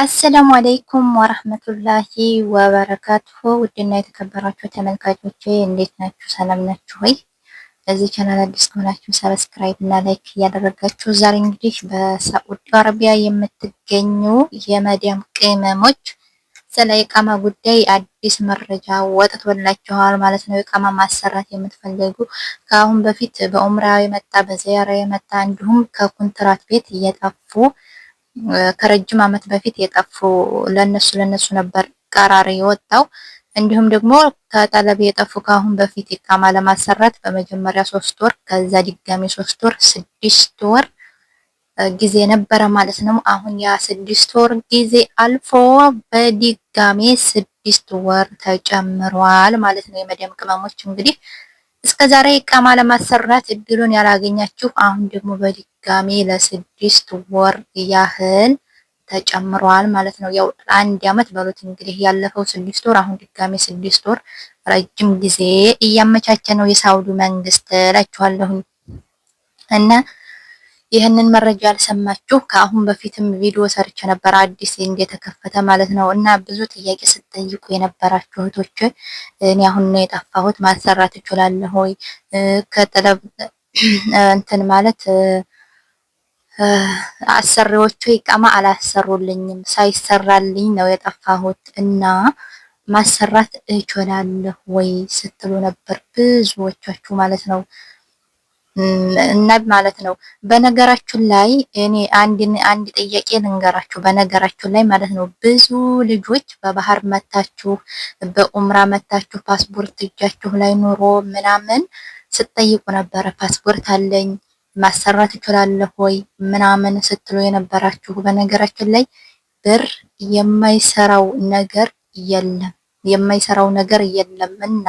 አሰላሙ አለይኩም ወረህመቱላሂ ወበረካቱሁ ውድና የተከበራችሁ ተመልካቾቼ እንዴት ናችሁ? ሰላም ናችሁ ወይ? ለዚህ ቻናል አዲስ ከሆናችሁ ሰብስክራይብ እና ላይክ እያደረጋችሁ ዛሬ እንግዲህ በሳዑዲ አረቢያ የምትገኙ የመዲያም ቅመሞች ስለ የቃማ ጉዳይ አዲስ መረጃ ወጥቶላችኋል ማለት ነው። የቃማ ማሰራት የምትፈልጉ ከአሁን በፊት በኡምራ የመጣ በዚያራ የመጣ እንዲሁም ከኩንትራት ቤት እየጠፉ ከረጅም ዓመት በፊት የጠፉ ለነሱ ለነሱ ነበር ቀራሪ የወጣው። እንዲሁም ደግሞ ከጠለብ የጠፉ ከአሁን በፊት ኢቃማ ለማሰራት በመጀመሪያ ሶስት ወር ከዛ ድጋሚ ሶስት ወር ስድስት ወር ጊዜ ነበረ ማለት ነው። አሁን ያ ስድስት ወር ጊዜ አልፎ በድጋሜ ስድስት ወር ተጨምሯል ማለት ነው። የመደም ቅመሞች እንግዲህ እስከ ዛሬ ኢቃማ ለማሰራት እድሉን ያላገኛችሁ አሁን ደግሞ በዲ በድጋሚ ለስድስት ወር ያህል ተጨምሯል ማለት ነው። ያው አንድ አመት በሉት እንግዲህ ያለፈው ስድስት ወር አሁን ድጋሚ ስድስት ወር ረጅም ጊዜ እያመቻቸ ነው የሳውዲ መንግስት ላችኋለሁ እና ይህንን መረጃ ያልሰማችሁ ከአሁን በፊትም ቪዲዮ ሰርቼ ነበር አዲስ እንደተከፈተ ማለት ነው። እና ብዙ ጥያቄ ስትጠይቁ የነበራችሁ እህቶች እኔ አሁን ነው የጠፋሁት፣ ማሰራት እችላለሁ ወይ ከጥለብ እንትን ማለት አሰሪዎቹ ይቀማ አላሰሩልኝም። ሳይሰራልኝ ነው የጠፋሁት እና ማሰራት እችላለሁ ወይ ስትሉ ነበር ብዙዎቻችሁ ማለት ነው። እና ማለት ነው በነገራችሁ ላይ እኔ አንድ አንድ ጥያቄ ልንገራችሁ። በነገራችሁ ላይ ማለት ነው ብዙ ልጆች በባህር መታችሁ፣ በኡምራ መታችሁ፣ ፓስፖርት እጃችሁ ላይ ኑሮ ምናምን ስትጠይቁ ነበረ ፓስፖርት አለኝ ማሰራት እችላለሁ ወይ ምናምን ስትሉ የነበራችሁ፣ በነገራችን ላይ ብር የማይሰራው ነገር የለም፣ የማይሰራው ነገር የለም እና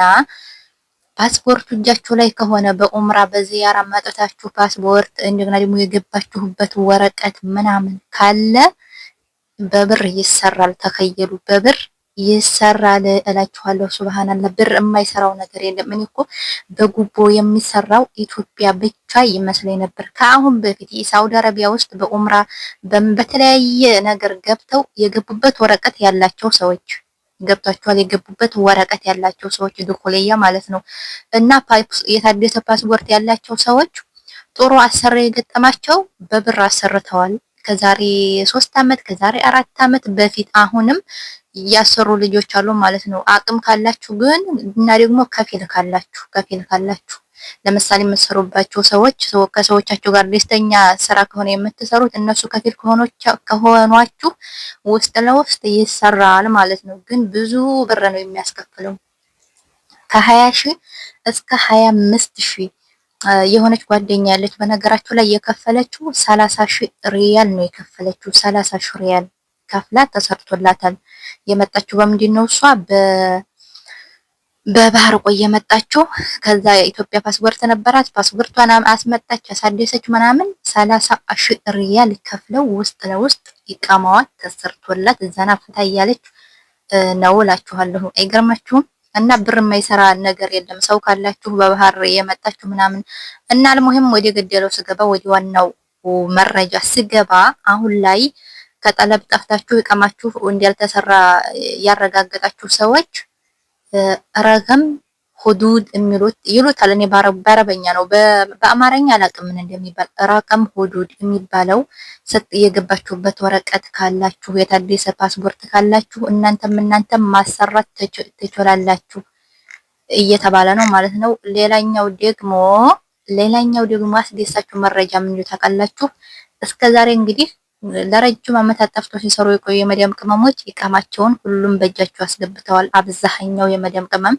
ፓስፖርቱ እጃችሁ ላይ ከሆነ በኡምራ በዚያራ ማጠታችሁ ፓስፖርት እንደገና ደግሞ የገባችሁበት ወረቀት ምናምን ካለ በብር ይሰራል። ተከየሉ በብር ይሰራል እላችኋለሁ። ብር የማይሰራው ነገር የለም። እኔ እኮ በጉቦ የሚሰራው ኢትዮጵያ ብቻ ይመስለኝ ነበር። ከአሁን በፊት የሳውዲ አረቢያ ውስጥ በኡምራ በተለያየ ነገር ገብተው የገቡበት ወረቀት ያላቸው ሰዎች ገብታችኋል። የገቡበት ወረቀት ያላቸው ሰዎች ድኮለያ ማለት ነው እና የታደሰ ፓስፖርት ያላቸው ሰዎች ጥሩ አሰሪ የገጠማቸው በብር አሰርተዋል። ከዛሬ ሶስት ዓመት ከዛሬ አራት አመት በፊት አሁንም እያሰሩ ልጆች አሉ ማለት ነው። አቅም ካላችሁ ግን እና ደግሞ ከፊል ካላችሁ ከፊል ካላችሁ ለምሳሌ የምትሰሩባቸው ሰዎች ከሰዎቻቸው ጋር ደስተኛ ስራ ከሆነ የምትሰሩት እነሱ ከፊል ከሆኗችሁ ውስጥ ለውስጥ ይሰራል ማለት ነው። ግን ብዙ ብር ነው የሚያስከፍለው ከሀያ ሺህ እስከ ሀያ አምስት ሺህ የሆነች ጓደኛ ያለች በነገራችሁ ላይ የከፈለችው ሰላሳ ሺህ ሪያል ነው የከፈለችው። ሰላሳ ሺህ ሪያል ከፍላ ተሰርቶላታል። የመጣችው በምንድን ነው? እሷ በባህር ቆይ የመጣችው ከዛ የኢትዮጵያ ፓስፖርት ነበራት። ፓስፖርቷን አስመጣች፣ አሳደሰች ምናምን ሰላሳ ሺህ ሪያል ከፍለው ውስጥ ለውስጥ ይቃማዋት ተሰርቶላት እዛና ፍታ እያለች ነው እላችኋለሁ። አይገርማችሁም? እና ብር የማይሰራ ነገር የለም። ሰው ካላችሁ በባህር የመጣችሁ ምናምን እና አልሙሂም ወደ ገደለው ስገባ ወደ ዋናው መረጃ ስገባ አሁን ላይ ከጠለብ ጠፍታችሁ እቀማችሁ እንዳልተሰራ ያረጋገጣችሁ ሰዎች ረገም ሁዱድ የሚሉት ይሉታል። እኔ በአረበኛ ነው፣ በአማርኛ አላቅም ምን እንደሚባል። ረቀም ሁዱድ የሚባለው ሰጥ የገባችሁበት ወረቀት ካላችሁ፣ የታደሰ ፓስፖርት ካላችሁ እናንተም እናንተም ማሰራት ትችላላችሁ እየተባለ ነው ማለት ነው። ሌላኛው ደግሞ ሌላኛው ደግሞ አስደሳችሁ መረጃ ምን ታውቃላችሁ? እስከዛሬ እንግዲህ ለረጅም ዓመታት ጠፍቶ ሲሰሩ የቆዩ የመዲያም ቅመሞች ይቃማቸውን ሁሉም በእጃቸው አስገብተዋል። አብዛኛው የመዲያም ቅመም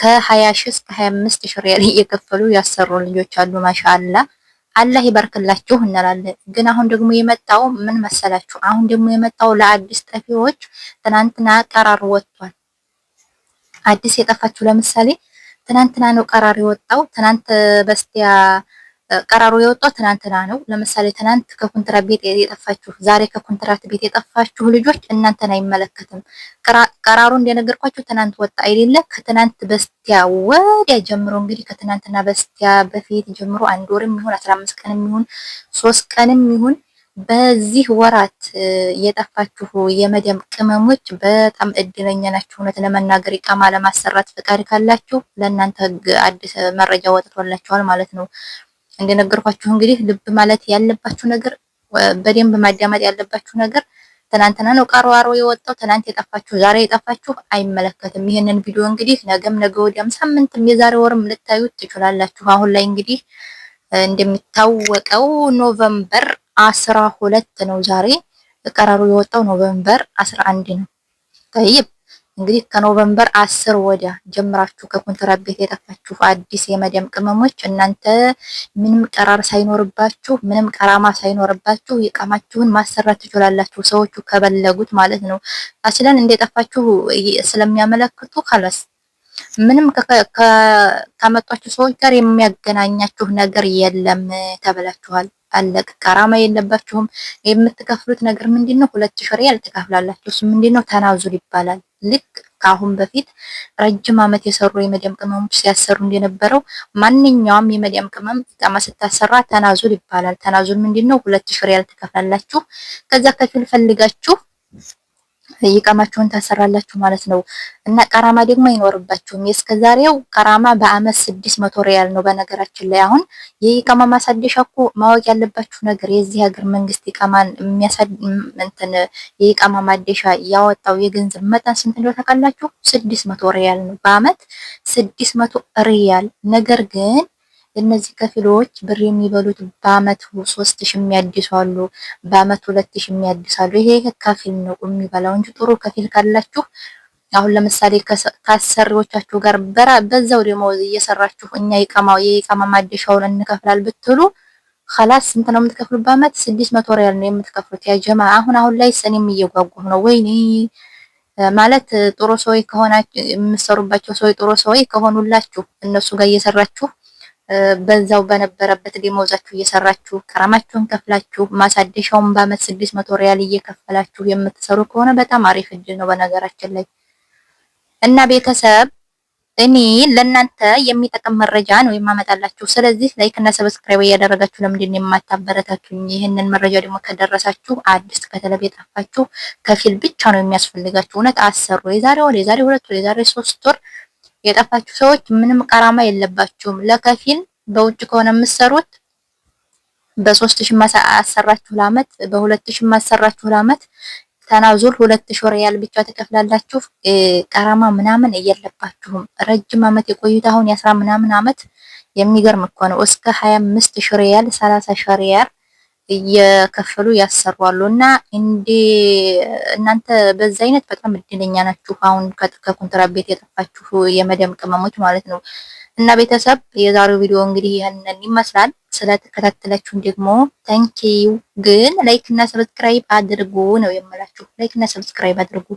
ከ20 ሺህ እስከ 25 ሺህ ሪያል እየከፈሉ ያሰሩ ልጆች አሉ። ማሻአላ አላህ ይባርክላችሁ እንላለን። ግን አሁን ደግሞ የመጣው ምን መሰላችሁ? አሁን ደግሞ የመጣው ለአዲስ ጠፊዎች ትናንትና ቀራር ወጥቷል። አዲስ የጠፋችሁ ለምሳሌ ትናንትና ነው ቀራር የወጣው። ትናንት በስቲያ ቀራሩ የወጣው ትናንትና ነው። ለምሳሌ ትናንት ከኮንትራት ቤት የጠፋችሁ፣ ዛሬ ከኮንትራት ቤት የጠፋችሁ ልጆች እናንተን አይመለከትም። ቀራሩ እንደነገርኳችሁ ትናንት ወጣ አይደለ? ከትናንት በስቲያ ወዲያ ጀምሮ እንግዲህ ከትናንትና በስቲያ በፊት ጀምሮ አንድ ወርም ይሁን አስራ አምስት ቀንም ይሁን ሶስት ቀንም ይሁን በዚህ ወራት የጠፋችሁ የመደም ቅመሞች በጣም እድለኛ ናችሁ። እውነት ለመናገር ኢቃማ ለማሰራት ፈቃድ ካላችሁ ለእናንተ ህግ አዲስ መረጃ ወጥቶላችኋል ማለት ነው። እንደነገርኳችሁ እንግዲህ ልብ ማለት ያለባችሁ ነገር በደንብ ማዳመጥ ያለባችሁ ነገር ትናንትና ነው ቀሯሮ የወጣው። ትናንት የጠፋችሁ ዛሬ የጠፋችሁ አይመለከትም። ይህንን ቪዲዮ እንግዲህ ነገም፣ ነገ ወዲያም፣ ሳምንትም፣ የዛሬ ወርም ልታዩት ትችላላችሁ። አሁን ላይ እንግዲህ እንደሚታወቀው ኖቨምበር አስራ ሁለት ነው ዛሬ ቀራሩ የወጣው ኖቨምበር አስራ አንድ ነው። ጠይብ እንግዲህ ከኖቨምበር አስር ወዲያ ጀምራችሁ ከኮንትራት ቤት የጠፋችሁ አዲስ የመደም ቅመሞች እናንተ ምንም ቀራር ሳይኖርባችሁ ምንም ቀራማ ሳይኖርባችሁ የቀማችሁን ማሰራት ትችላላችሁ። ሰዎቹ ከበለጉት ማለት ነው። አስለን እንደጠፋችሁ ስለሚያመለክቱ ካላስ ምንም ከመጧችሁ ሰዎች ጋር የሚያገናኛችሁ ነገር የለም ተብላችኋል። አለቅ ቀራማ የለባችሁም። የምትከፍሉት ነገር ምንድነው? ሁለት ሺህ ሪያል ትከፍላላችሁ። እሱ ምንድነው? ተናዙል ይባላል። ልክ ከአሁን በፊት ረጅም ዓመት የሰሩ የመዲያም ቅመሞች ሲያሰሩ እንደነበረው ማንኛውም የመዲያም ቅመም ኢቃማ ስታሰራ ተናዙል ይባላል። ተናዙል ምንድነው? ሁለት ሺህ ሪያል ትከፍላላችሁ። ከዛ ከፊል ፈልጋችሁ ይቃማችሁን ታሰራላችሁ ማለት ነው። እና ቀራማ ደግሞ አይኖርባችሁም። የእስከዛሬው ቀራማ በአመት ስድስት መቶ ሪያል ነው። በነገራችን ላይ አሁን የይቃማ ማሳደሻ እኮ ማወቅ ያለባችሁ ነገር የዚህ ሀገር መንግስት ይቃማን የሚያሳድ እንትን የይቃማ ማደሻ ያወጣው የገንዘብ መጠን ስንት እንደሆነ ታውቃላችሁ? ስድስት መቶ ሪያል ነው። በአመት ስድስት መቶ ሪያል ነገር ግን እነዚህ ከፊሎች ብር የሚበሉት በአመት ሶስት ሺ የሚያድሱ አሉ፣ በአመት ሁለት ሺ የሚያድሱ አሉ። ይሄ ከፊል ነው የሚበላው እንጂ ጥሩ ከፊል ካላችሁ አሁን ለምሳሌ ከአሰሪዎቻችሁ ጋር በራ በዛው ደመወዝ እየሰራችሁ እኛ ይቀማው የኢቃማ ማደሻውን እንከፍላል ብትሉ ኸላስ ስንት ነው የምትከፍሉት? በአመት ስድስት መቶ ሪያል ነው የምትከፍሉት። ያ ጀማ አሁን አሁን ላይ እኔም እየጓጓሁ ነው። ወይኔ ማለት ጥሩ ሰዎች ከሆናችሁ የምትሰሩባቸው ሰዎች ጥሩ ሰዎች ከሆኑላችሁ እነሱ ጋር እየሰራችሁ በዛው በነበረበት ደመወዛችሁ እየሰራችሁ ከረማችሁን ከፍላችሁ ማሳደሻውን በአመት ስድስት መቶ ሪያል እየከፈላችሁ የምትሰሩ ከሆነ በጣም አሪፍ እድል ነው በነገራችን ላይ እና ቤተሰብ እኔ ለእናንተ የሚጠቅም መረጃ ነው የማመጣላችሁ። ስለዚህ ላይክ እና ሰብስክራይብ እያደረጋችሁ ለምንድን ነው የማታበረታችሁኝ? ይህንን መረጃ ደግሞ ከደረሳችሁ አዲስ ከተለብ የጠፋችሁ ከፊል ብቻ ነው የሚያስፈልጋችሁ። እውነት አሰሩ የዛሬ ወር የዛሬ ሁለት ወር የዛሬ ሶስት ወር የጠፋችሁ ሰዎች ምንም ቀራማ የለባችሁም። ለከፊል በውጭ ከሆነ የምትሰሩት በሶስት ሺህ ማሰራችሁ ለአመት በሁለት ሺህ ማሰራችሁ ለአመት ተናዙል ሁለት ሪያል ብቻ ተከፍላላችሁ። ቀራማ ምናምን የለባችሁም። ረጅም አመት የቆዩት አሁን የአስራ ምናምን አመት የሚገርም እኮ ነው። እስከ 25 ሪያል 30 ሪያል እየከፈሉ ያሰሯሉ እና እንዴ እናንተ በዛ አይነት በጣም እድለኛ ናችሁ። አሁን ከኮንትራት ቤት የጠፋችሁ የመደም ቅመሞች ማለት ነው። እና ቤተሰብ የዛሬው ቪዲዮ እንግዲህ ይህንን ይመስላል። ስለተከታተላችሁን ደግሞ ታንኪዩ። ግን ላይክ እና ሰብስክራይብ አድርጉ ነው የምላችሁ። ላይክ እና ሰብስክራይብ አድርጉ።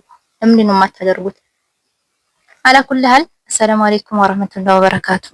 ለምንድን ነው የማታደርጉት? አላኩልሃል። አሰላሙ አለይኩም ወረህመቱላሂ ወበረካቱ